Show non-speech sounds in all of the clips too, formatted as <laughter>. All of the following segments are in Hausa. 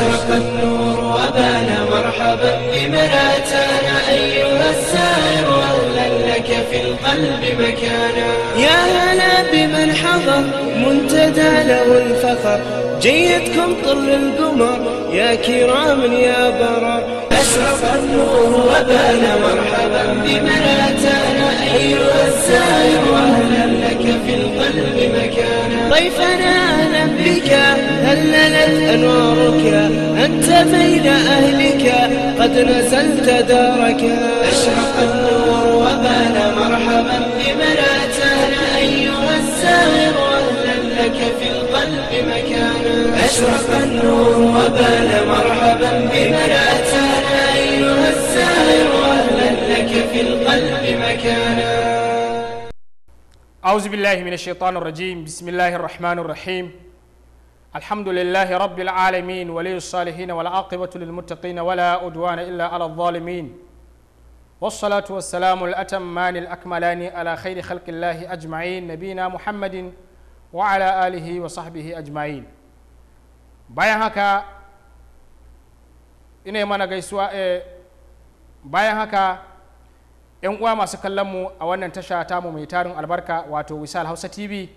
أشرق النور وبان مرحبا بمناتانا أيها السائر أهلا لك في القلب مكانا يا هلا بمن حضر منتدى له الفخر جيدكم طر القمر يا كرام يا برر أشرق النور وبان مرحبا بمناتانا أيها السائر أهلا لك في القلب ضيفنا أهلا بك هللت أنوارك أنت بين أهلك قد نزلت دارك أشرق النور وبان مرحبا بمن أتانا أيها الزائر أهلا لك في القلب مكانا أشرق النور وبان مرحبا بمن أتانا أيها الزائر أهلا لك في القلب مكانا أعوذ بالله من الشيطان الرجيم بسم الله الرحمن الرحيم الحمد لله رب العالمين ولي الصالحين والعاقبة للمتقين ولا أدوان إلا على الظالمين والصلاة والسلام الأتمان الأكملان على خير خلق الله أجمعين نبينا محمد وعلى آله وصحبه أجمعين bayan haka ina mana gaisuwa yan uwa masu kallon mu a wannan tasha ta mu mai tarin albarka wato wisal hausa tv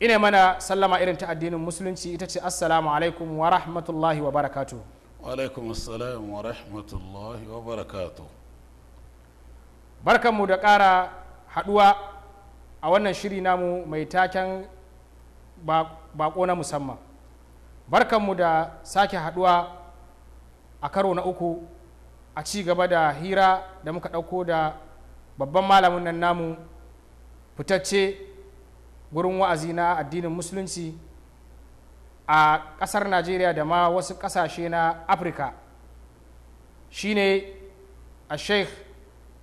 ina mana sallama irin ta addinin musulunci ita ce assalamu alaikum wa rahmatullahi wa barakatu wa alaikum assalam wa rahmatullahi wa barakatu barkanmu da ƙara haɗuwa a wannan shiri namu mai taken bako na musamman barkanmu da sake haɗuwa a karo na uku a ci gaba da hira da muka ɗauko da babban malamin nan namu fitacce gurin wa'azi na addinin musulunci a ƙasar najeriya da ma wasu ƙasashe na afirka shine a sheikh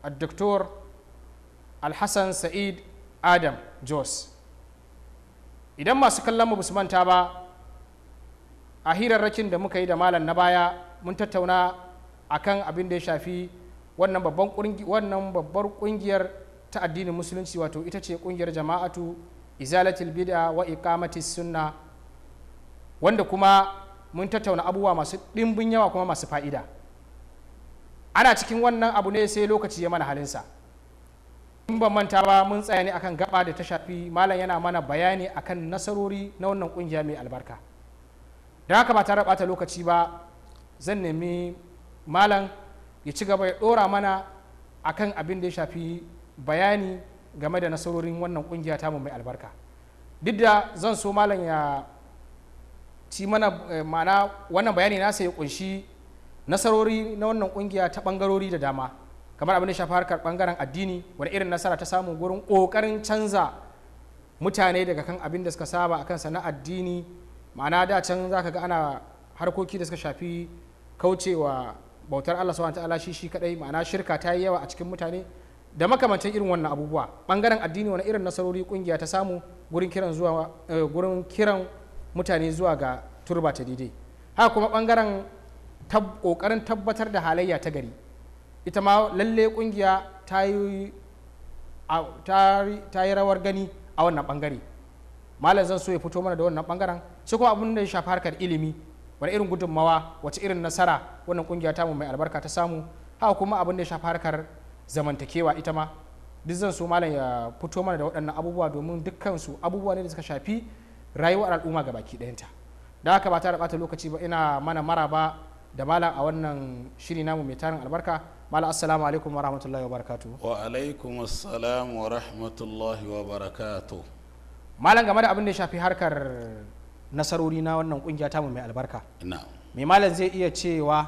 a doktor alhassan sa'id adam jos idan masu kallon mu manta ba a hirarrakin da muka yi da malam na baya mun tattauna akan abin da ya shafi wannan babbar kungiyar ta addinin musulunci wato ita ce kungiyar jama'atu izalatul bid'a wa sunna wanda kuma mun tattauna abubuwa masu ɗimbin yawa kuma masu fa'ida ana cikin wannan abu ne sai lokaci ya mana halinsa in ban manta ba mun tsaya ne akan gaba da ta shafi malam yana mana bayani akan nasarori na wannan kungiya mai albarka don haka ba tare bata lokaci ba zan nemi malam ya ci gaba ya dora mana akan abin da ya shafi bayani game da nasarorin wannan kungiya tamu mai albarka duk da zan so malam ya ci mana eh, mana wannan bayani nasa ya kunshi nasarori na wannan kungiya ta bangarori da dama kamar abin da shafi harkar bangaren addini wani irin nasara ta samu gurin kokarin canza mutane daga kan abin da suka saba akan sana addini ma'ana da can za ka ga ana harkoki da suka shafi kaucewa bautar Allah subhanahu ta'ala shi shi kadai ma'ana shirka ta yi yawa a cikin mutane da makamancin irin wannan abubuwa bangaren addini wani irin nasarori kungiya ta samu gurin kiran zuwa eh, gurin kiran mutane zuwa ga turba ta daidai haka kuma bangaren kokarin tabbatar da halayya ta gari ita ma lalle kungiya ta yi ta yi rawar gani a wannan bangare malam zan so ya fito mana da wannan bangaren sai kuma abin da ya shafi harkar ilimi wani irin gudunmawa wace irin nasara wannan kungiya tamu mai albarka ta samu haka kuma abin da ya shafi harkar zamantakewa ita ma duk zan so malam ya fito mana da waɗannan abubuwa domin dukkansu abubuwa ne da suka shafi rayuwar al'umma ga baki ɗayanta da haka ba ta bata lokaci ba ina mana maraba da malam a wannan shiri namu mai tarin albarka malam assalamu alaikum wa rahmatullahi wa barakatu wa alaikum assalam wa rahmatullahi wa barakatu malam game da abin da ya shafi harkar nasarori na wannan kungiya tamu mai albarka mai malam zai iya cewa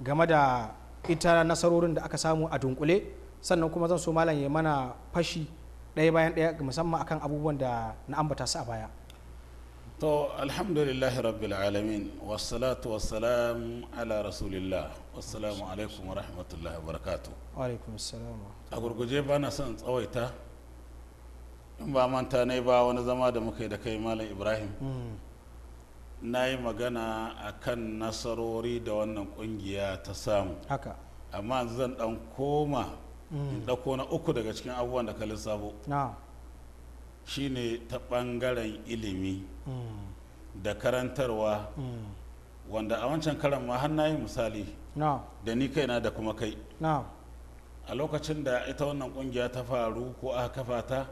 game da ita nasarorin da aka samu a dunkule sannan kuma zan so malam ya mana fashi ɗaya bayan ɗaya musamman akan abubuwan da na ambata su a baya to alhamdulillah rabbil alamin wassalatu wassalam ala rasulillah wassalamu alaikum wa rahmatullahi wa barakatuh wa alaikum assalam a gurguje ba na son tsawaita in ba manta ne ba wani zama da muka yi da kai malam ibrahim hmm. na yi magana a kan nasarori da wannan kungiya ta samu haka amma zan dan koma in mm. ɗauko na uku daga cikin abubuwan da ka lissafo shine ta bangaren ilimi mm. da karantarwa mm. wanda a wancan karan ma har yi misali da ni kaina da kuma kai a lokacin da ita wannan kungiya ta faru ko aka kafa ta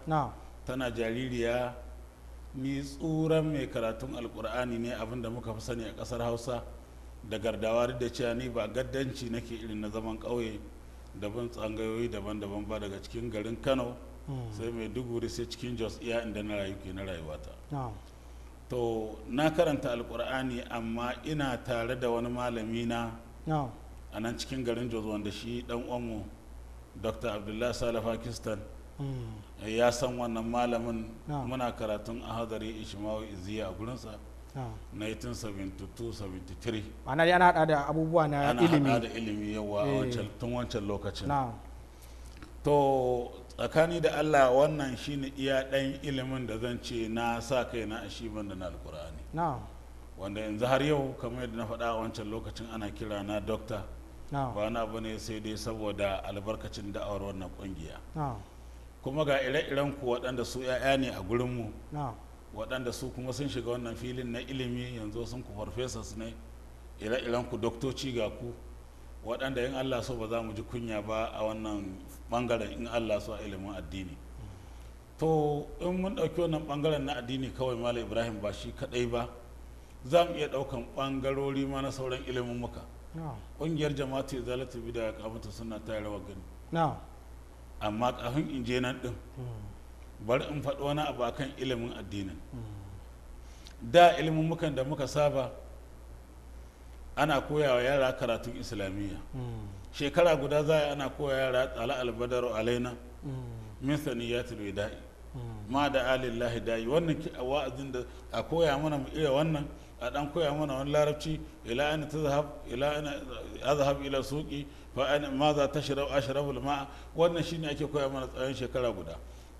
tana jaririya ni tsuran mai karatun alkur'ani ne abin da muka fi sani a ƙasar hausa da gardawa da cewa ni ba gaddanci nake irin na zaman ƙauye daban tsangayoyi daban-daban ba daga cikin garin kano hmm. sai mai duguri sai cikin jos iya inda na rayu ke na rayuwata to na karanta alkur'ani amma ina tare da wani malami na a nan cikin garin jos wanda shi dan uwanmu dr abdullahi salafa kistan hmm. ya san wannan malamin muna karatun a hadari ishmawi iziya a gurinsa 1972-73 ma'ana ya hada da abubuwa na ilimi ana hada da ilimi yawa eh. tun wancan lokacin to tsakani da allah wannan shine iya ɗan ilimin da zan ce na sa kai na ashi da na alkur'ani wanda yanzu har yau kamar yadda na faɗa wancan lokacin ana kira na dokta ba na bane sai dai saboda albarkacin da'awar wannan ƙungiya kuma ga ire-iren ku waɗanda su 'ya'ya ne a gurinmu waɗanda su kuma sun shiga wannan filin na ilimi yanzu sun ku farfesas ne ire-iren ku doktoci ga ku waɗanda in allah so ba za mu ji kunya ba a wannan ɓangaren in allah so a ilimin addini to in mun ɗauki wannan ɓangaren na addini kawai malam ibrahim ba shi kaɗai ba za mu iya ɗaukan ɓangarori ma na sauran ilimin muka ƙungiyar jama'a ta izalatu bida ya kamata suna tayarwa gani amma kafin in je nan din bari in faɗi wani abu akan ilimin addinin da ilimin mukan da muka saba ana koyawa yara karatun islamiyya shekara guda za ana koya yara ala albadaru alaina min saniyatul wida'i ma da alillahi da'i wannan wa'azin da a koya mana mu iya wannan a dan koya mana wani larabci ila ana tazhab ila ana azhab ila suqi fa ma za ta ashrabul ma wannan shine ake koya mana tsawon shekara guda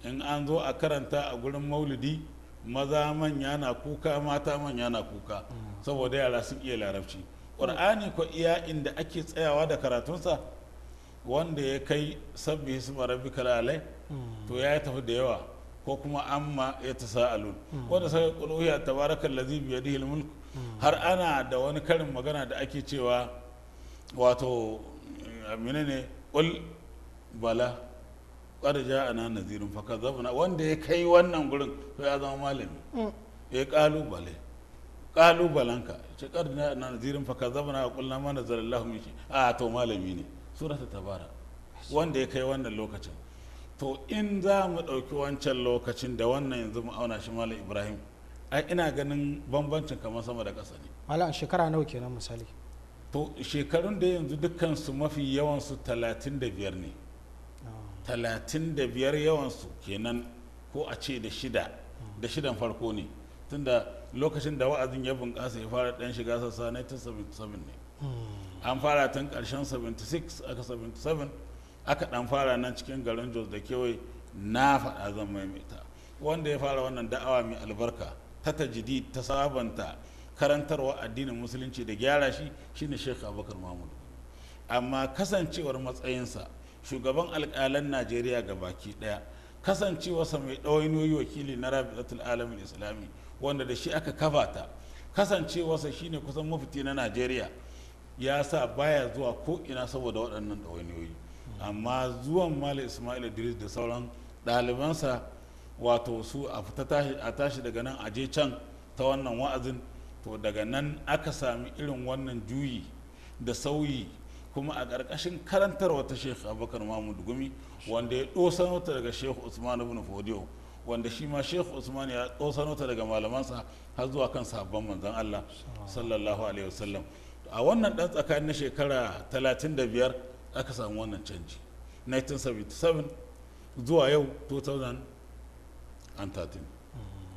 in an zo a karanta a gurin maulidi maza manya na kuka mata manya na kuka saboda yara sun iya larabci ƙur'ani ko iya inda ake tsayawa da karatunsa wanda ya kai sabbi su marabbi kalalai to ya yi tafi da yawa ko kuma amma ya ta sa'alun wanda sai ƙuluhiya tabarakan lazi dihil mulk har ana da wani karin magana da ake cewa wato ne ƙul bala a nan nazirin faka zafina wanda ya kai wannan gurin to ya zama malami mm. ya ƙalu balanka ce a nan nazirin faka zafina a ƙulna mana zarallahu mishi a to malami ne surata tabara wanda ya kai wannan lokacin to in za mu ɗauki wancan lokacin da wannan yanzu mu auna shi malam ibrahim ai ina ganin bambancin kamar sama da ƙasa ne malam shekara nawa kenan misali to shekarun da yanzu dukansu mafi yawansu 35 ne 35 ah. yawansu kenan ko a ce da shida ah. da shidan farko ne tunda lokacin da wa'azin ya bunƙasa ya fara ɗan shiga sassa 1977 ne hmm. an fara tun ƙarshen 76 aka 77 aka ɗan fara nan cikin garin jos da kewaye na faɗa zan maimaita wanda ya fara wannan da'awa mai albarka ta jidi ta sabanta karantarwa addinin musulunci da gyara shi shine sheikh abubakar mahmud amma kasancewar matsayinsa shugaban alƙalan najeriya ga baki ɗaya kasancewarsa mai ɗawainoyi wakili na rabi'atul alamin islami wanda da shi aka kafa ta kasancewarsa shine kusan mafiti na najeriya ya sa baya zuwa ko ina saboda waɗannan ɗawainiyoyi amma zuwan malam ismail idris da sauran ɗalibansa wato su a tashi daga nan a je can ta wannan wa'azin to daga nan aka sami irin wannan juyi da sauyi kuma a ƙarƙashin karantarwa ta sheikh abubakar mahmud gumi wanda ya ɗosano daga sheikh usman ibn fodiyo wanda shi ma sheikh usman ya ɗosano daga malamansa har zuwa kan sabon manzon allah sallallahu alaihi wasallam a wannan ɗan tsakanin na shekara 35 aka samu wannan canji 1977 zuwa yau 2013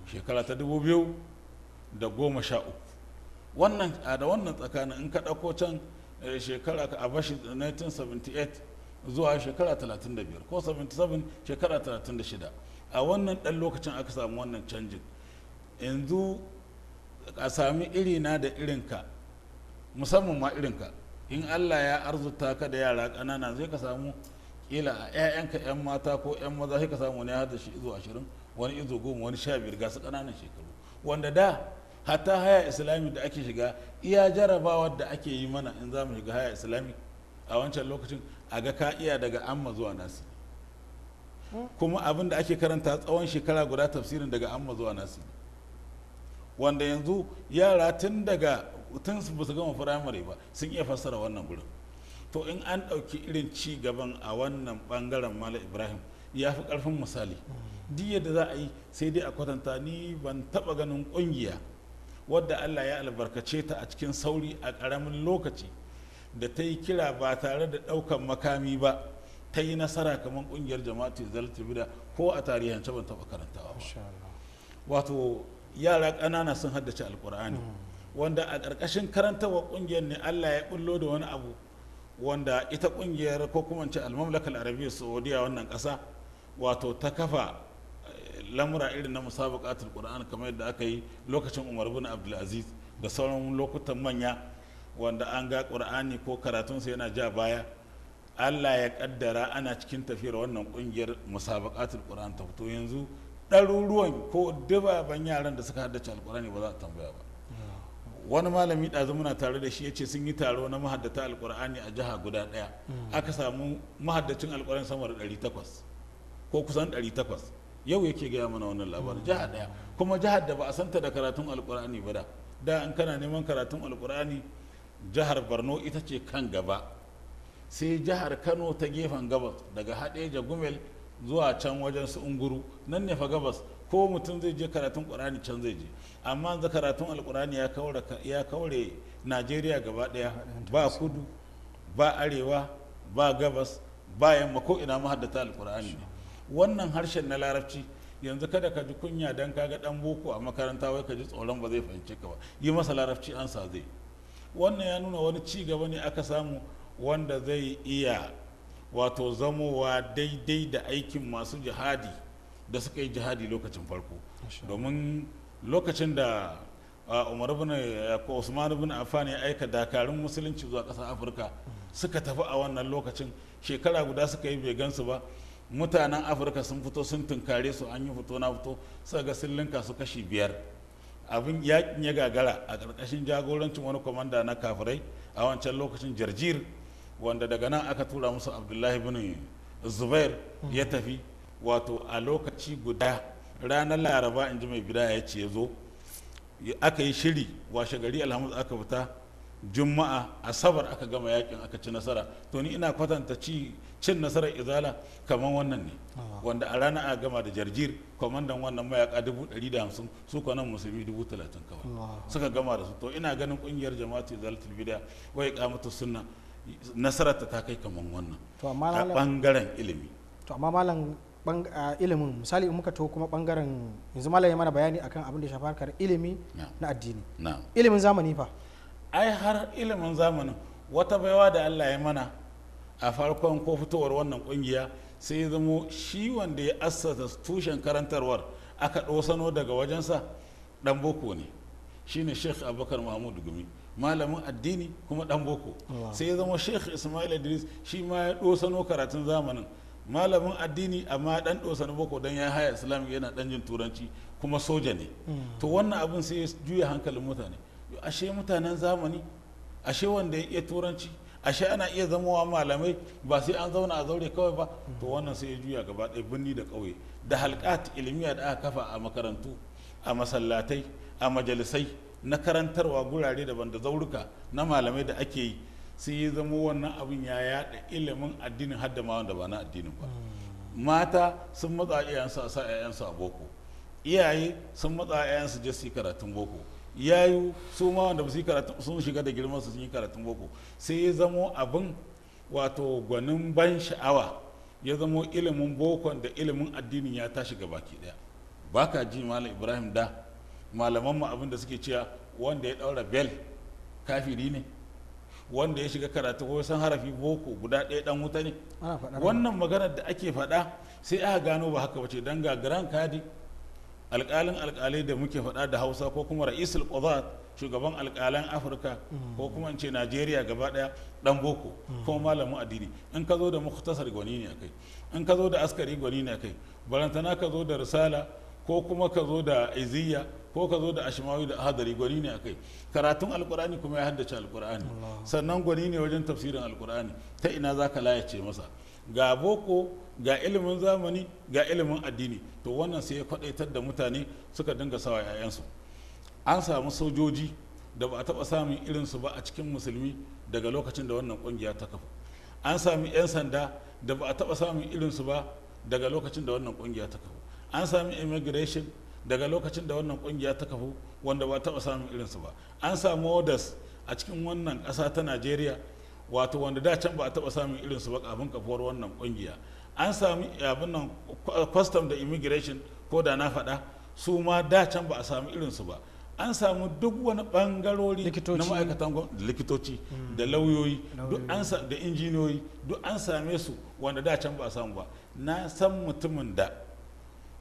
shekara ta 2000 da goma sha uku wannan a da wannan tsakanin in ka ɗauko can eh, shekara a bashi 1978 zuwa shekara 35 ko 77 shekara 36 a wannan ɗan lokacin aka samu wannan canjin yanzu a sami irina da irinka musamman ma irinka in allah ya arzuta ka da yara ƙanana zai ka samu ila a 'ya'yanka 'yan mata ko 'yan maza sai ka samu wani ya da shi izo ashirin wani izo goma wani sha biyar gasu ƙananan shekaru wanda da hatta haya islami da ake shiga iya jarabawar da ake yi mana in za mu shiga haya islami a wancan lokacin a ga ka iya daga amma zuwa nasi kuma abin da ake karanta tsawon shekara guda tafsirin daga amma zuwa nasi wanda yanzu yara tun daga tun ba su gama firamare ba sun iya fassara wannan gurin to in an ɗauki irin ci gaban a wannan bangaren mala ibrahim ya fi ƙarfin misali duk da za a yi sai dai a kwatanta ni ban taɓa ganin ƙungiya wadda allah ya albarkace ta a cikin sauri a ƙaramin lokaci da ta yi kira ba tare da ɗaukan makami ba ta yi nasara kamar ƙungiyar jama'atu zalatul bida ko a tarihance ban taɓa karantawa wato yara ƙanana sun haddace alƙur'ani hmm. wanda a ƙarƙashin karantawa ƙungiyar ne allah ya ɓullo da wani abu wanda ita ƙungiyar ko kuma ce almamlakal arabiyya saudiya wannan ƙasa wato ta kafa lamura irin na musabaqatul qur'an kamar yadda aka yi lokacin umar bin abdulaziz da sauran lokutan manya wanda an ga qur'ani ko karatunsa yana ja baya allah ya kaddara ana cikin tafiyar wannan kungiyar musabaqatul qur'an ta fito yanzu ɗaruruwan ko dubaban yaran da suka haddace alkurani ba za a tambaya ba wani malami ɗazu muna tare da shi ya ce sun yi taro na mahaddata alkur'ani a jiha guda ɗaya hmm. aka samu mahaddacin alkurani sama da 800 ko kusan 800 yau yake gaya mana wannan labar jihar ɗaya kuma jihar da ba a santa da karatun alkur'ani ba da da an kana neman karatun alkur'ani jihar borno ita ce kan gaba sai jihar kano ta gefen gabas daga haɗeja gumel zuwa can wajen su unguru nan ne fa gabas ko mutum zai je karatun ƙur'ani can zai je amma za karatun alkur'ani ya kaure najeriya gaba ɗaya ba kudu ba arewa ba gabas ba yamma ko ina mahaddata alkur'ani ne wannan harshen na larabci yanzu kada ka ji kunya don kaga dan boko a makaranta wai ka ji tsoron ba zai fahimce ka ba yi masa larabci an sa zai wannan ya nuna wani ci gaba ne aka samu wanda zai iya wato zamowa daidai da aikin masu jihadi da suka yi jihadi lokacin farko domin lokacin da umar bin usman bin affan ya aika dakarun musulunci zuwa ƙasar afirka mm. suka tafi a wannan lokacin shekara guda suka yi bai gansu ba mutanen afirka sun fito sun tunkare su an yi fito na fito suka ga sun linka su kashi biyar abin yakin ya gagara a ƙarƙashin jagorancin wani kwamanda na kafirai a wancan lokacin jarjir wanda daga nan aka tura musu abdullahi bin zubair ya tafi wato a lokaci guda ranar laraba in ji mai bida ya ce zo aka yi shiri washe gari alhamis aka fita juma'a asabar aka gama yakin aka ci nasara to ni ina kwatanta cin nasara izala kamar wannan ne ah. wanda a rana a gama da jarjir kwamandan wannan mayaka 150 su kwanan musulmi talatin kawai suka gama da su to ina ganin kungiyar jama'atu izala tilbida wai kamata sunna nasara ta kai kamar wannan a bangaren ilimi to amma malam ilimin misali in muka to kuma bangaren yanzu malam ya mana bayani akan abin da ya shafi harkar ilimi na addini ilimin zamani fa ai har ilimin zamanin wata baiwa da allah ya mana a farkon ko fitowar wannan kungiya sai ya zamo shi wanda ya assasa tushen karantarwar aka ɗosano daga wajensa dan boko ne shine sheikh abubakar mahmud gumi malamin addini kuma ɗan boko sai ya zama sheikh ismail idris shi ma ya ɗosano karatun zamanin malamin addini amma dan ɗosano boko don ya haya islam yana dan jin turanci kuma soja ne hmm. to wannan abin sai ya juya hankalin mutane ashe mutanen zamani ashe wanda ya iya turanci ashe ana iya zamowa malamai ba sai an zauna a zaure kawai ba to wannan sai ya juya gaba ɗaya birni da ƙauye da halƙat ilmiya da aka kafa a makarantu a masallatai a majalisai na karantarwa gurare daban da zauruka na malamai da ake yi sai ya zamo wannan abin ya yaɗa ilimin addinin har da ma wanda ba na addinin ba mata sun matsa iyayensu a sa 'ya'yansu a boko iyaye sun matsa 'ya'yansu je su yi karatun boko ya yi su ma wanda su yi karatun sun shiga da girman su sun yi karatun boko sai ya zamo abin wato gwanin ban sha'awa ya zamo ilimin bokon da ilimin addinin ya tashi ga baki daya baka ji malam ibrahim da malaman mu abin da suke cewa wanda ya daura bel kafiri ne wanda ya shiga karatu ko san harafi boko guda ɗaya dan wuta ne wannan maganar da ake faɗa sai aka gano ba haka bace dan ga grand kadi alƙalin alƙalai da muke faɗa da hausa ko kuma ra'isul qudhat shugaban alƙalan afirka ko kuma ce najeriya gaba ɗaya ɗan boko ko malamin addini in ka zo da muktasar gwani ne kai in ka zo da askari gwani ne kai barantana ka zo da risala ko kuma ka zo da iziya ko ka zo da ashimawi da Ahadari gwani ne akai karatun alkur'ani kuma ya haddace alkur'ani sannan gwani ne wajen tafsirin alkur'ani ta ina za ka layace masa ga boko ga ilimin zamani ga ilimin addini to wannan sai ya kwadaitar da mutane suka dinga sawa 'ya'yansu an samu sojoji da ba a taɓa samun irinsu ba a cikin musulmi daga lokacin da wannan ƙungiya ta kafa an sami 'yan sanda da ba a taɓa samun irinsu ba daga lokacin da wannan ƙungiya ta kafa an sami immigration daga lokacin da wannan ƙungiya ta kafu wanda ba a taɓa samun irinsu ba an samu orders a cikin wannan ƙasa ta najeriya wato wanda da can ba a taɓa samun irin su ba abin kafuwar wannan kungiya an sami abin nan custom da immigration ko da na faɗa su ma da can ba a sami irin su ba an samu duk wani bangarori na ma'aikatan likitoci hmm. da lauyoyi da injiniyoyi duk an same su wanda da can ba a samu ba na san mutumin da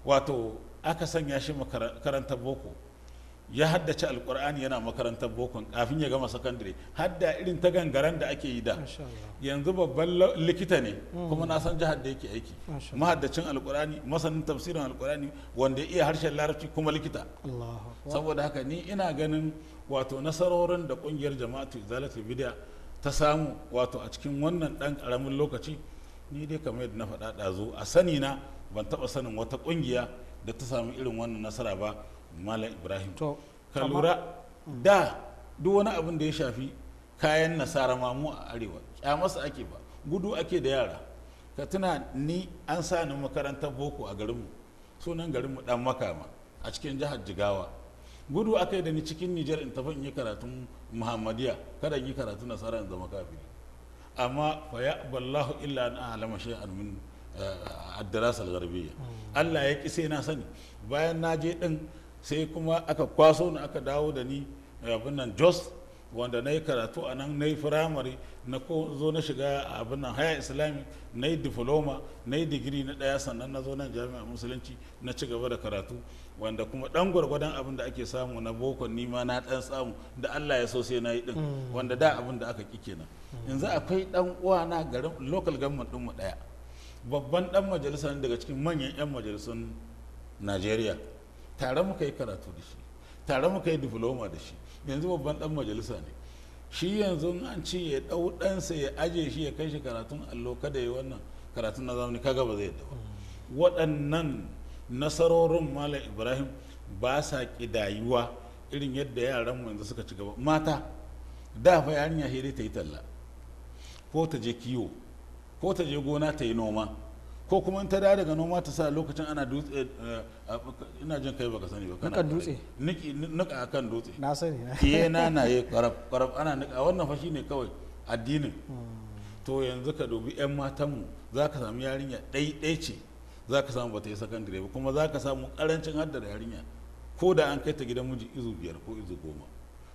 wato aka sanya shi makarantar boko ya haddace alkur'ani yana makarantar bokon kafin ya gama sakandare hadda irin ta gangaren da ake yi da yanzu babban likita ne hmm. kuma na san jihar da yake aiki mahaddacin alkur'ani masanin tafsirin alkur'ani wanda iya harshen larabci kuma likita saboda haka ni ina ganin wato nasarorin da kungiyar jama'atu zalatu bid'a ta samu wato a cikin wannan dan karamin lokaci ni dai kamar yadda na faɗa ɗazu a sani na ban taɓa sanin wata kungiya da ta samu irin wannan nasara ba malam ibrahim ka lura da duk wani abin da ya shafi kayan nasara mamu a arewa masa ake ba gudu ake da yara ka tuna ni an sa ni makarantar boko a garinmu sunan garinmu dan makama a cikin jihar jigawa gudu aka yi da ni cikin nijar in tafi in yi karatun muhammadiya kada in yi karatun nasara in zama kafiri amma fa ya ballahu illa an alama shay'an min eh, addarasal gharbiyya hmm. Allah ya kise na sani bayan na je din sai kuma aka kwaso na aka dawo da ni eh, abin nan jos wanda na yi karatu a nan na yi firamare na ko zo na shiga abin nan haya islami na yi diploma na yi digiri na ɗaya sannan na zo nan jami'a musulunci na ci gaba da karatu wanda kuma ɗan gwargwadon abin da ake samu na boko nima na ɗan samu da allah ya so sai na yi din. Mm. wanda da abin da aka ƙi kenan mm. yanzu akwai dan uwa na garin local government mu ɗaya babban dan majalisa daga cikin manyan 'yan majalisun najeriya tare muka yi karatu da shi tare muka yi diploma da shi yanzu babban dan majalisa ne shi yanzu an ce ya dau ɗansa ya aje shi ya kai shi karatun allo kada ya wannan karatun na zamani kaga ba zai yadda ba waɗannan nasarorin malam ibrahim ba sa ƙidayuwa irin yadda yaran yanzu suka ci gaba mata da fa yarinya hiri ta yi talla ko ta je kiwo ko ta je gona ta yi noma ko kuma in ta dawo daga noma ta sa lokacin ana dutse eh, eh, ina jin kai baka sani ba kana dutse niki nika akan dutse na sani kiye eh, na na ye <laughs> karab karab ana nika wannan fa ne kawai addinin hmm. to yanzu ka dubi yan mu za ka samu yarinya ɗaiɗai ce za ka samu bata yi sakandare ba kuma za ka samu karancin haddar yarinya ko da an kai ta gidan miji izu biyar ko izu goma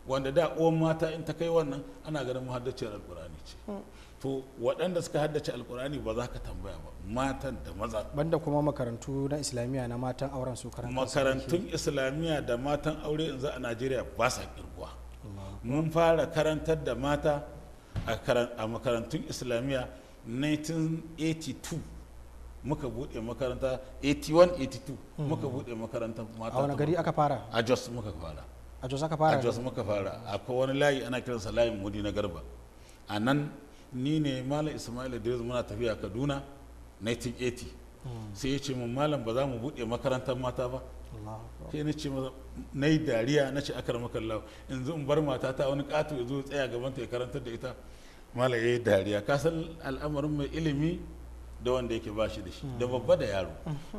wanda da uwan mata in ta kai wannan ana ganin muhaddaciyar alkurani ce hmm. to waɗanda suka haddace alkur'ani ba za ka tambaya ba matan da maza banda kuma makarantu na islamiyya na matan auren su karanta makarantun islamiyya da matan aure yanzu a najeriya ba sa kirguwa mun fara karantar da mata a makarantun islamiyya 1982 muka buɗe makaranta 81-82 hmm. muka buɗe makaranta mata a wani gari aka fara a jos muka fara a jos aka fara a jos muka fara akwai wani layi ana kiransa layin mudi na garba a nan ni ne malam ismail idris muna tafiya kaduna 1980 sai ya ce mun malam ba za mu buɗe makarantar mata ba sai na ce na yi dariya na ce akar makallawa zo in bar mata ta wani ƙato ya zo tsaya gaban ta ya karantar da ita malam ya eh, yi dariya ka san al'amarin mai ilimi da wanda yake ba shi da shi da babba da yaro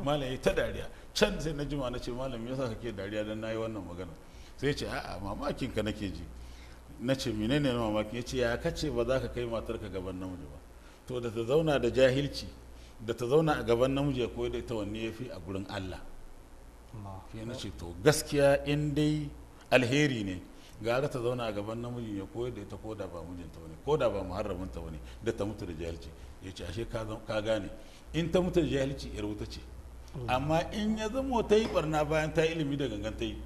malam ya yi ta dariya can sai na jima na ce malam ya sa kake dariya don na yi wannan magana sai ce a'a mamakin ka nake ji na ce menene na mamaki ya ce ya kace ba za ka kai matarka gaban namiji ba to da ta zauna da jahilci da ta zauna a gaban namiji ya koyi da ita wanne ya fi a gurin Allah ke na ce to gaskiya in dai alheri ne gara ta zauna a gaban namiji ya koyi da ita ko da ba mijinta bane ko da ba muharraminta wani da ta mutu da jahilci ya ce ashe ka gane in ta mutu da jahilci yar wuta ce mm. amma in ya zama ta yi barna bayan ta ilimi da gangan ta yi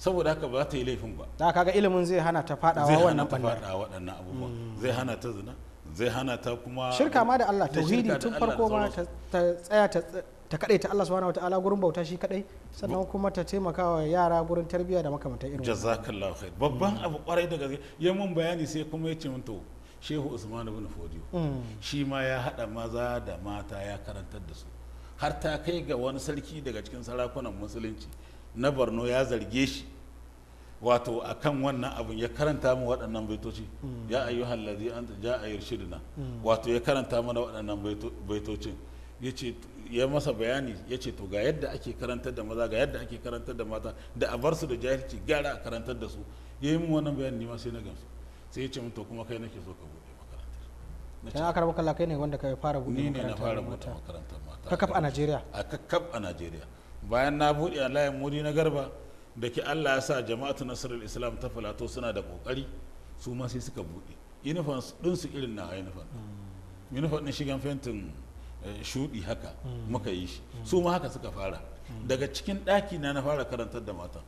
saboda haka ba ta yi laifin ba da kaga ilimin zai hana ta fadawa wannan bangare zai hana ta fadawa waɗannan abubuwa zai hana ta zina zai hana ta kuma shirka ma da Allah tauhidi tun farko ma ta tsaya ta ta kadai ta Allah subhanahu wataala gurin bauta shi kadai sannan kuma ta taimaka wa yara gurin tarbiyya da makamantan irin jazakallahu khair babban abu kwarai da gaske ya mun bayani sai kuma ya ce mun to shehu usman ibn fodiyo mm. shi ma ya hada maza da mata ya karantar da su har ta kai ga wani sarki daga cikin sarakunan musulunci na borno ya zarge shi wato a kan wannan abin ya karanta mu waɗannan baitoci ya ayyu hallazi an ja a yarshidina wato ya karanta mana waɗannan baitocin ya ce ya masa bayani ya ce to ga yadda ake karantar da maza ga yadda ake karantar da mata da a bar su da jahilci gara a karantar da su ya yi min wannan bayani ni ma sai na gamsu sai ya ce min to kuma kai nake so ka buɗe makarantar na aka rabu bakalla kai ne wanda ka fara buɗe makarantar mata ni ne na fara buɗe makarantar mata kakkaf a Najeriya a kakkaf a Najeriya bayan na buɗe a layin muri na garba da ke allah ya sa jama'atu nasarar islam ta falato suna da ƙoƙari su ma sai suka buɗe ɗin ɗinsu irin na uniform mm. uniform ɗin shigan fentin eh, shuɗi haka mm. muka yi shi mm. su ma haka suka fara daga cikin ɗaki na na fara karantar da matan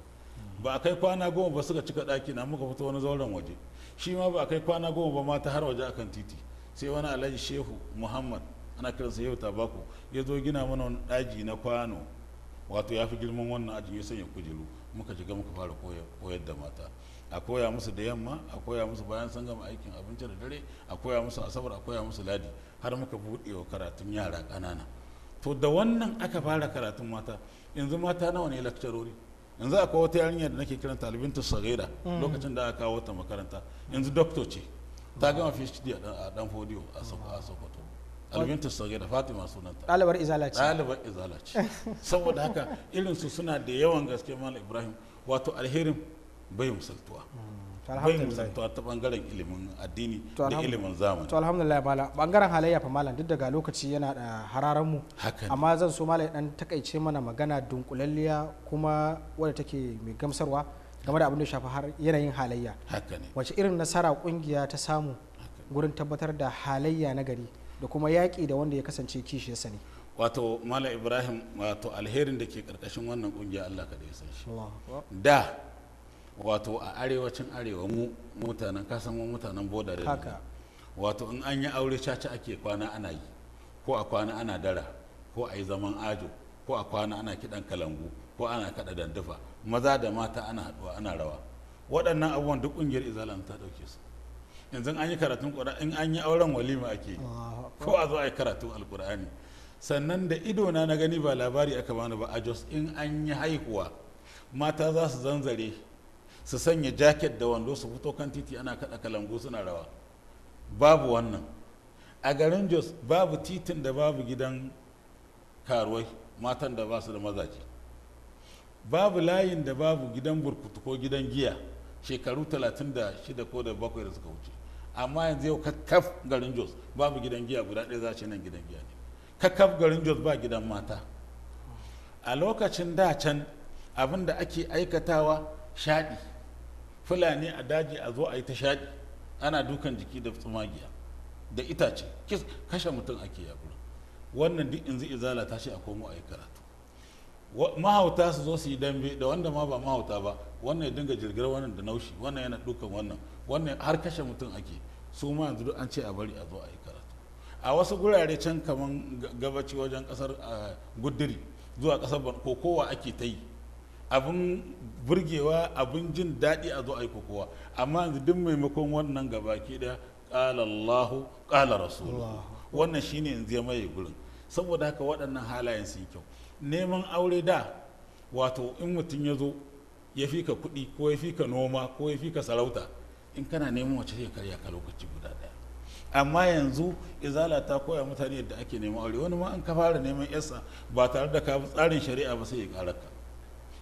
ba a kai kwana goma ba suka cika ɗaki na muka fito wani zauren waje shi ma ba a kai kwana goma ba mata har waje akan titi sai wani alhaji shehu muhammad ana kiransa yau ta tabako ya zo gina mana wani ɗaji na kwano wato ya fi girman wannan ajin ya sanya kujeru muka shiga muka fara koyar da mata a koya musu da yamma a koya musu bayan san gama aikin abinci da dare a koya musu asabar a koya musu ladi har muka buɗe wa karatun yara ƙanana to da wannan aka fara karatun mata yanzu mata nawa ne lakcarori yanzu akwai wata yarinya da nake kiran talibinta sagira mm. lokacin da aka kawo ta makaranta yanzu doktor ce ta gama phd a dan fodiyo a sokoto albinta da fatima sunanta ɗalibar izala ce ɗalibar izala ce saboda haka irin su suna da yawan gaske malam ibrahim wato alherin bai musaltuwa hmm, bai musaltuwa ta bangaren ilimin addini da ilimin zamani to alhamdulillah malam bangaren halayya fa malam duk daga lokaci yana da hararan mu amma zan so malam dan takaice mana magana dunkulalliya kuma wadda take mai gamsarwa game da abin da shafi har yanayin halayya haka ne wace irin nasara kungiya ta samu gurin tabbatar da halayya na gari da kuma yaƙi da wanda ya kasance kishiyarsa ne wato mala ibrahim wato alherin da ke karkashin wannan kungiya allah ka ya san da wato a arewacin arewa mu mutanen kasan mu mutanen boda da wato in an yi aure caca ake kwana ana yi ko a kwana ana dara ko a yi zaman ajo ko a kwana ana kiɗan kalangu ko ana kaɗa dandufa maza da mata ana haɗuwa ana rawa waɗannan abubuwan duk ƙungiyar izalan ta ɗauke su yanzu an yi karatun in an yi auren walima ake ko a zo a yi karatun alkur'ani sannan da idona na gani ba labari aka bani ba a jos in an yi haihuwa mata za su zanzare su sanya jaket da wando su fito kan titi ana kaɗa kalangu suna rawa babu wannan a garin jos babu titin da babu gidan karuwai matan da ba su da mazaje babu layin da babu gidan burkutu ko gidan giya shekaru 36 ko da bakwai da suka wuce amma yanzu yau kakkaf garin jos babu gidan giya guda ɗaya za ce nan gidan giya ne kakkaf garin jos ba gidan mata a lokacin da can abin da ake aikatawa shaɗi fulani a daji a zo a yi ta shaɗi ana dukan jiki da tsumagiya da itace kashe mutum ake ya wannan duk yanzu izala ta ce a komo a yi karatu mahauta su zo su yi dambe da wanda ma ba mahauta ba wannan ya dinga jirgin wannan da naushi wannan yana dukan wannan wannan har kashe mutum ake su ma yanzu an ce a bari a zo a yi karatu a wasu gurare can kaman gabaci wajen kasar guduri zuwa kasar kowa ake ta yi abin burgewa abin jin daɗi a zo a yi kokowa amma yanzu duk maimakon wannan gabaki da ƙalallahu ƙala rasulu wannan shine yanzu ya maye gurin saboda haka waɗannan halayen sun kyau neman aure da wato in mutum ya zo ya fi ka kuɗi ko ya fi ka noma ko ya fi ka sarauta in kana neman wace zai karya ka lokaci guda daya amma yanzu izala ta koya mutane yadda ake neman aure wani ma an ka fara neman yasa ba tare da ka tsarin shari'a ba sai ya kara ka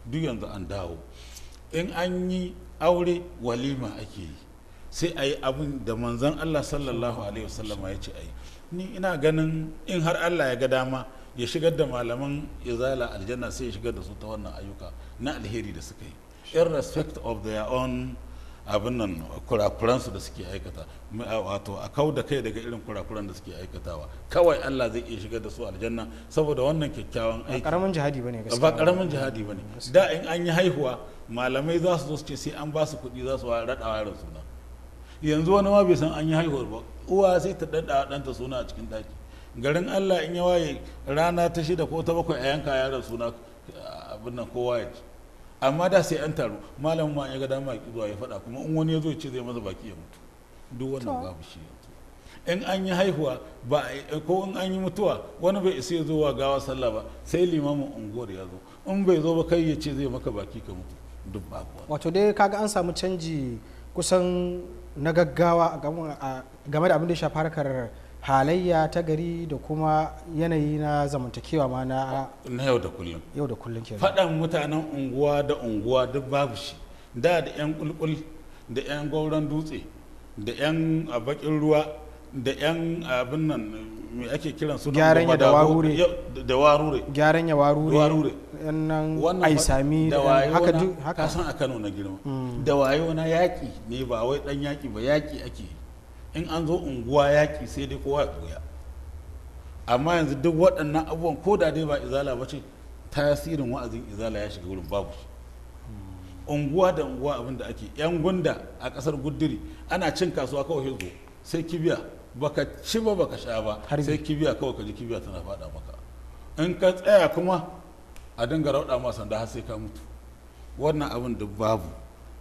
duk yanzu an dawo in an yi aure walima ake yi sai a yi abin da manzan allah sallallahu alaihi wasallama ya ce a yi ni ina ganin in har allah ya ga dama ya shigar da malaman izala aljanna sai ya shigar da su ta wannan ayyuka na alheri da suka yi in respect of their own abin nan kurakuransu da suke aikata wato a kau da kai daga irin kurakuran da suke aikatawa kawai Allah zai iya shigar da su aljanna saboda wannan kyakkyawan aiki karamin jihadi bane gaskiya ba karamin jihadi bane da in an yi haihuwa malamai za su zo su ce sai an ba su kuɗi za su raɗa yaron suna yanzu wani ma bai san an yi haihuwar ba uwa sai ta daɗa ɗanta suna a cikin ɗaki garin Allah in ya waye rana ta shida ko ta bakwai a yanka yaron suna abin nan kowa ya amma da sai an taru malamin ma ya ga dama ki zuwa ya faɗa kuma in wani ya zo ce zai maza baki ya mutu duk wannan babu shi yanzu in an yi haihuwa ba ko in an yi mutuwa wani bai isa ya zo wa gawa sallah ba sai limamin unguwar ya zo in bai zo ba kai ya ce zai maka baki ka mutu duk babu wani wato dai kaga an samu canji kusan na gaggawa game da abin da ya shafi harkar halayya ta gari da kuma yanayi na zamantakewa ma na na yau da kullum yau da kullum ke faɗan mutanen unguwa da unguwa duk babu shi da da yan kulkul da yan gauran dutse da yan bakin ruwa da yan abin nan me ake kiran su gyaran ya da warure da warure gyaran ya warure warure nan ai sami haka duk haka san a Kano na girma mm. da wayo na yaki ne ba wai dan yaki ba yaki ake in an zo unguwa yaƙi sai dai kowa ya ɓuya amma yanzu duk waɗannan abubuwan ko da dai ba izala ba ce tasirin wa'azin izala ya shiga wurin babu unguwa da unguwa abin da ake yan gunda a ƙasar guduri ana cin kasuwa kawai hezo sai kibiya baka ci ba baka sha ba sai kibiya kawai ka ji kibiya tana faɗa maka in ka tsaya kuma a dinga rauɗa ma sanda har sai ka mutu wannan abin da babu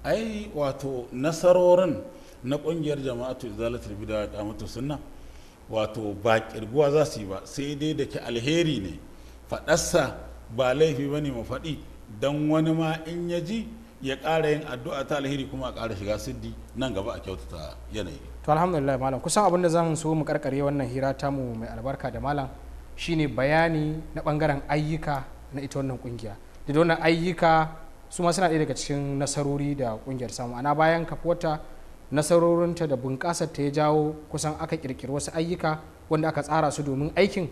ai wato nasarorin na ƙungiyar jama'atu izalatul bid'a da mutu sunna wato ba kirguwa za su yi ba sai dai da ke alheri ne faɗarsa ba laifi ba ne mu faɗi don wani ma in ya ji ya ƙara yin addu'a ta alheri kuma a ƙara shiga siddi nan gaba a kyautata yanayi to alhamdulillah malam kusan abin da zan so mu karkare wannan hira ta mu mai albarka da malam shine bayani na bangaren ayyuka na ita wannan kungiya da wannan ayyuka su ma suna ɗaya daga cikin nasarori da kungiyar samu ana bayan kafuwata nasarorinta da bunƙasar ta ya jawo kusan aka ƙirƙiri wasu ayyuka wanda aka tsara su domin aikin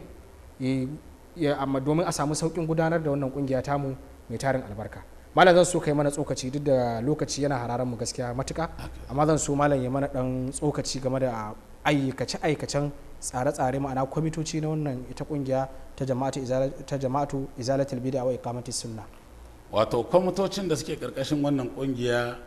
amma domin a samu sauƙin gudanar da wannan ƙungiya mu mai tarin albarka malam zan so kai mana tsokaci duk da lokaci yana hararan mu gaskiya matuka amma zan so malam ya mana ɗan tsokaci game da aikace aikacen tsare-tsare ma'ana kwamitoci na wannan ita ƙungiya ta jama'atu izalatul bid'a wa sunna wato kwamitocin da suke karkashin wannan ƙungiya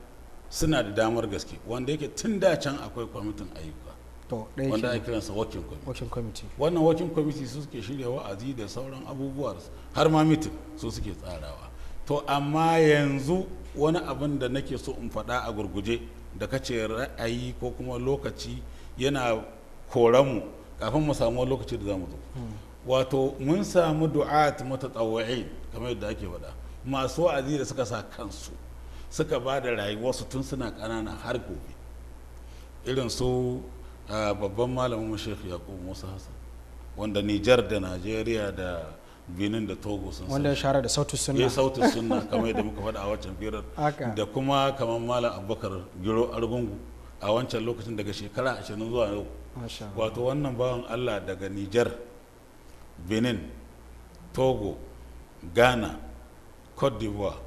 suna da damar gaske wanda yake tun da can akwai kwamitin ayyuka wanda ake kiransa working committee wannan working committee su suke shirya wa'azi da sauran abubuwa har ma mitin su suke tsarawa to amma yanzu wani abin da nake so in faɗa a gurguje da kace ra'ayi ko kuma lokaci yana mu kafin mu samu lokaci da zamu zo hmm. wato mun samu du'at mutatsawwa'in kamar yadda ake faɗa masu wa'azi da suka sa kansu suka ba da rayuwarsu tun suna ƙanana har gobe irin su babban malamin sheikh yakub musa hassan wanda nijar da najeriya da benin da togo sun wanda ya shara da sautu suna. ya eh, sautu <laughs> suna kamar yadda muka faɗa a wancan firar da kuma kamar malam abubakar giro argungu a wancan lokacin daga shekara ashirin zuwa yau wato wannan bawan allah daga nijar benin togo ghana cote d'ivoire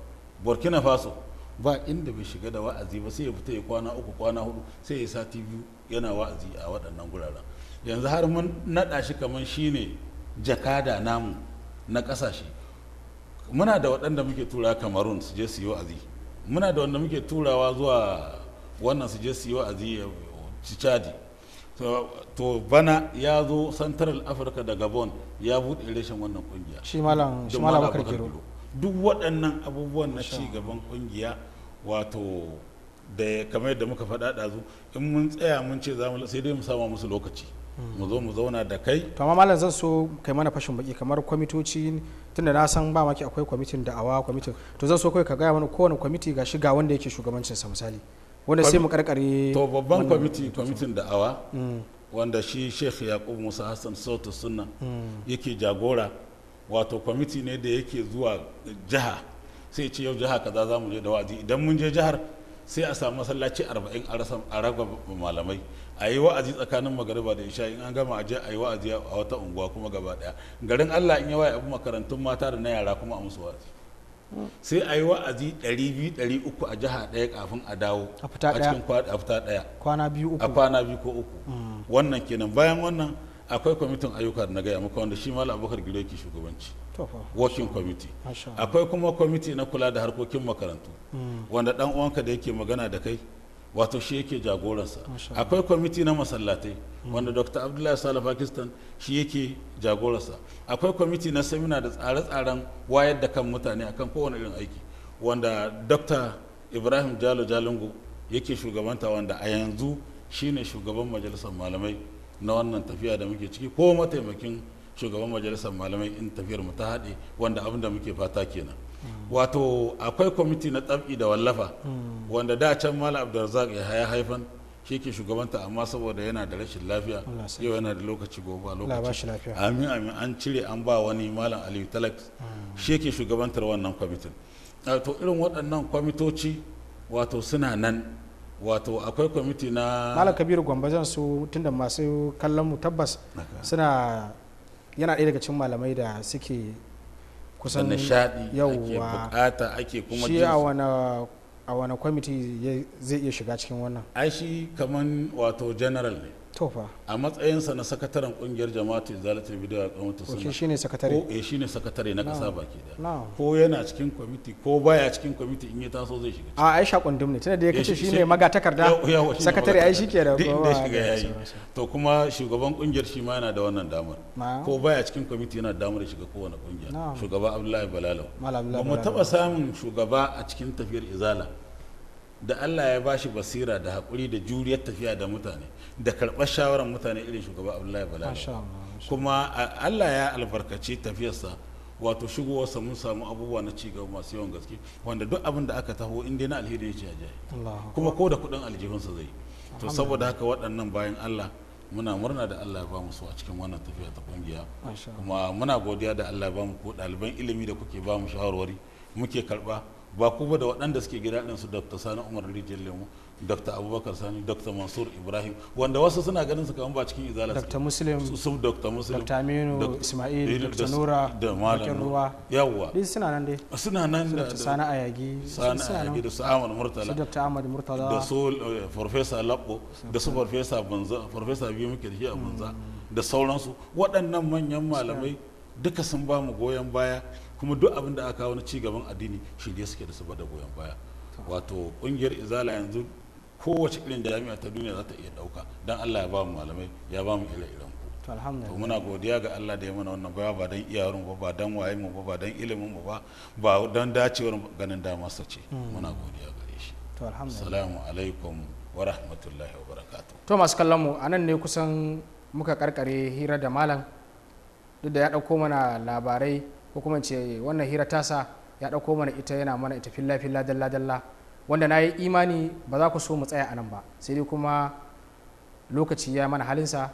burkina faso ba inda bai shiga da wa'azi ba sai ya fita ya kwana uku kwana hudu sai ya sati biyu yana wa'azi a waɗannan guraren yanzu har mun naɗa shi kamar shine jakada namu na ƙasashe muna da waɗanda muke tura kamarun su je su yi wa'azi muna da wanda muke turawa zuwa wannan su je su yi wa'azi eh, cicadi to bana ya zo central africa da gabon ya buɗe reshen wannan kungiya shi malam bakar kiro duk waɗannan abubuwan na ci gaban ƙungiya wato da kamar yadda muka faɗa ɗazu in mun tsaya mun ce za mu sai dai mu sama musu lokaci hmm. mu zo mu zauna da kai to amma malam zan so kai mana fashin baki kamar kwamitoci tunda na san ba maki akwai kwamitin awa kwamitin to zan so kai ka gaya mana kowane kwamiti ga shiga wanda yake shugabancin sa misali wanda sai mu karkare to babban kwamiti kwamitin awa. Hmm. wanda shi Sheikh Yaqub Musa Hassan Sautu Sunna hmm. yake jagora wato kwamiti ne da yake zuwa jiha sai ce yau jiha kaza za mu je da wa'azi idan mun je jihar sai a samu masallaci arba'in a raba malamai a yi wa'azi tsakanin magariba da isha in an gama a je a yi wa'azi a wata unguwa kuma gaba daya garin allah in ya waye abu makarantun mata da na yara kuma a musu wa'azi sai a yi wa'azi 200-300 a jiha ɗaya kafin a dawo a cikin a fita ɗaya a kwana biyu ko uku mm. wannan kenan bayan wannan akwai kwamitin ayyuka na gaya muka wanda shi ma abubakar gida ke shugabanci working committee akwai kuma kwamiti na kula da harkokin makarantu hmm. wanda dan uwanka da yake magana da kai wato shi yake jagoransa akwai kwamiti na masallatai hmm. wanda dr abdullahi sala pakistan shi yake jagoransa akwai kwamiti na samina da tsare-tsaren wayar da kan mutane akan kowane irin aiki wanda dr ibrahim jalo jalingo yake shugabanta wanda a yanzu shine shugaban majalisar malamai na wannan tafiya da muke ciki ko mataimakin shugaban majalisar malamai in tafiyar mu ta haɗe wanda abin da muke fata kenan wato akwai kwamiti na tsab'i da wallafa wanda da can mala abdulrazak ya haya haifan shi ke shugabanta amma saboda yana da rashin lafiya yau yana da lokaci gobe lokaci amin amin an cire an ba wani malam aliyu talak hmm. shi ke shugabantar wannan kwamitin Wato irin waɗannan kwamitoci wato suna nan wato akwai kwamiti na malam kabiru zan su tunda masu kallon mu tabbas suna yana ɗaya daga cikin malamai da suke kusan nishaɗi ake bukata ake kuma shi a wani a wani kwamiti zai iya shiga cikin wannan ai shi kaman wato general ne a matsayinsa na sakataren kungiyar jama'atu izalatul a kamata suna shi ne sakatare ko eh, shi ne sakatare na kasa baki da ko yana cikin kwamiti ko baya cikin kwamiti in ya taso zai shiga a aisha kundum ne tana da ya kace shine magatakarda sakatare ai shi ke da da shiga yayi to kuma shugaban kungiyar shi ma yana da wannan damar ko baya cikin kwamiti yana da ya shiga kowane kungiya shugaba abdullahi balalau ba mu taba samun shugaba a cikin tafiyar izala da Allah ya bashi basira da haƙuri da juriyar tafiya da mutane da karɓar shawarar mutane irin shugaba Abdullahi Bala kuma Allah ya albarkaci tafiyarsa wato shigowarsa mun samu abubuwa na cigaba masu yawan gaske wanda duk abin da aka taho inda na alheri ya ce a kuma ko da kuɗin aljihunsa zai to saboda haka waɗannan bayan Allah muna murna da Allah ya ba mu su a cikin wannan tafiya ta kungiya kuma muna godiya da Allah ya ba mu ko ɗaliban ilimi da kuke ba mu shawarwari muke karɓa ba kuma da waɗanda suke gida ɗin su dr sani umar rijiyar lemu dr abubakar sani dr mansur ibrahim wanda wasu suna ganin su kamar ba cikin izala dr muslim su dr muslim dr aminu ismail dr nura da malam ruwa yawwa duk suna nan dai suna nan da sani ayagi sani ayagi da su ahmad murtala su dr ahmad murtala da su eh, professor labbo da su professor banza professor biyu muke da shi a banza hmm. da sauransu waɗannan manyan malamai duka sun ba mu goyon baya kuma duk abin da aka kawo na cigaban addini shi ne suke da su bada goyon baya wato kungiyar izala yanzu kowace irin jami'a ta duniya za ta iya dauka dan Allah ya ba mu malamai ya ba mu ire iren ku to muna godiya ga Allah da ya mana wannan baya ba dan iyarun ba ba dan waye mu ba ba dan ilimin mu ba ba dan dacewar ganin dama sa ce hmm. muna godiya gare shi to alhamdulillah assalamu alaikum wa rahmatullahi wa barakatuh to masu kallon mu anan ne kusan muka karkare hira da malam duk da ya dauko mana labarai ko kuma ce wannan hira tasa ya ɗauko mana ita yana mana ita filla filla dalla dalla wanda na yi imani ba za ku so mu tsaya a nan ba sai dai kuma lokaci ya mana halinsa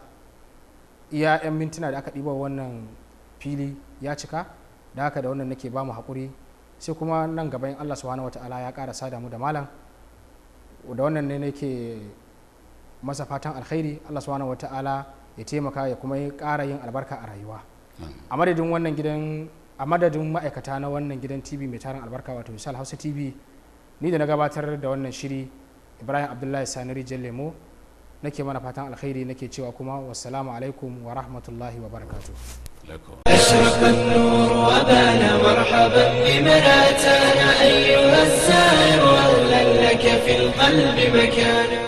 iya 'yan mintuna da aka ɗiba wannan fili ya cika da haka da wannan nake ba mu haƙuri sai kuma nan gaban allah subhanahu wa ta'ala ya ƙara sada mu da malam da wannan ne nake masa fatan alkhairi allah subhanahu wa ta'ala ya taimaka ya kuma ƙara yin albarka a rayuwa a madadin wannan gidan a madadin ma'aikata na wannan gidan tv mai tarin albarka wato misal hausa tv ni da na gabatar da wannan shiri ibrahim abdullahi sani rijiyar lemo nake mana fatan alkhairi nake cewa kuma wassalamu alaikum wa rahmatullahi wa barakatu في القلب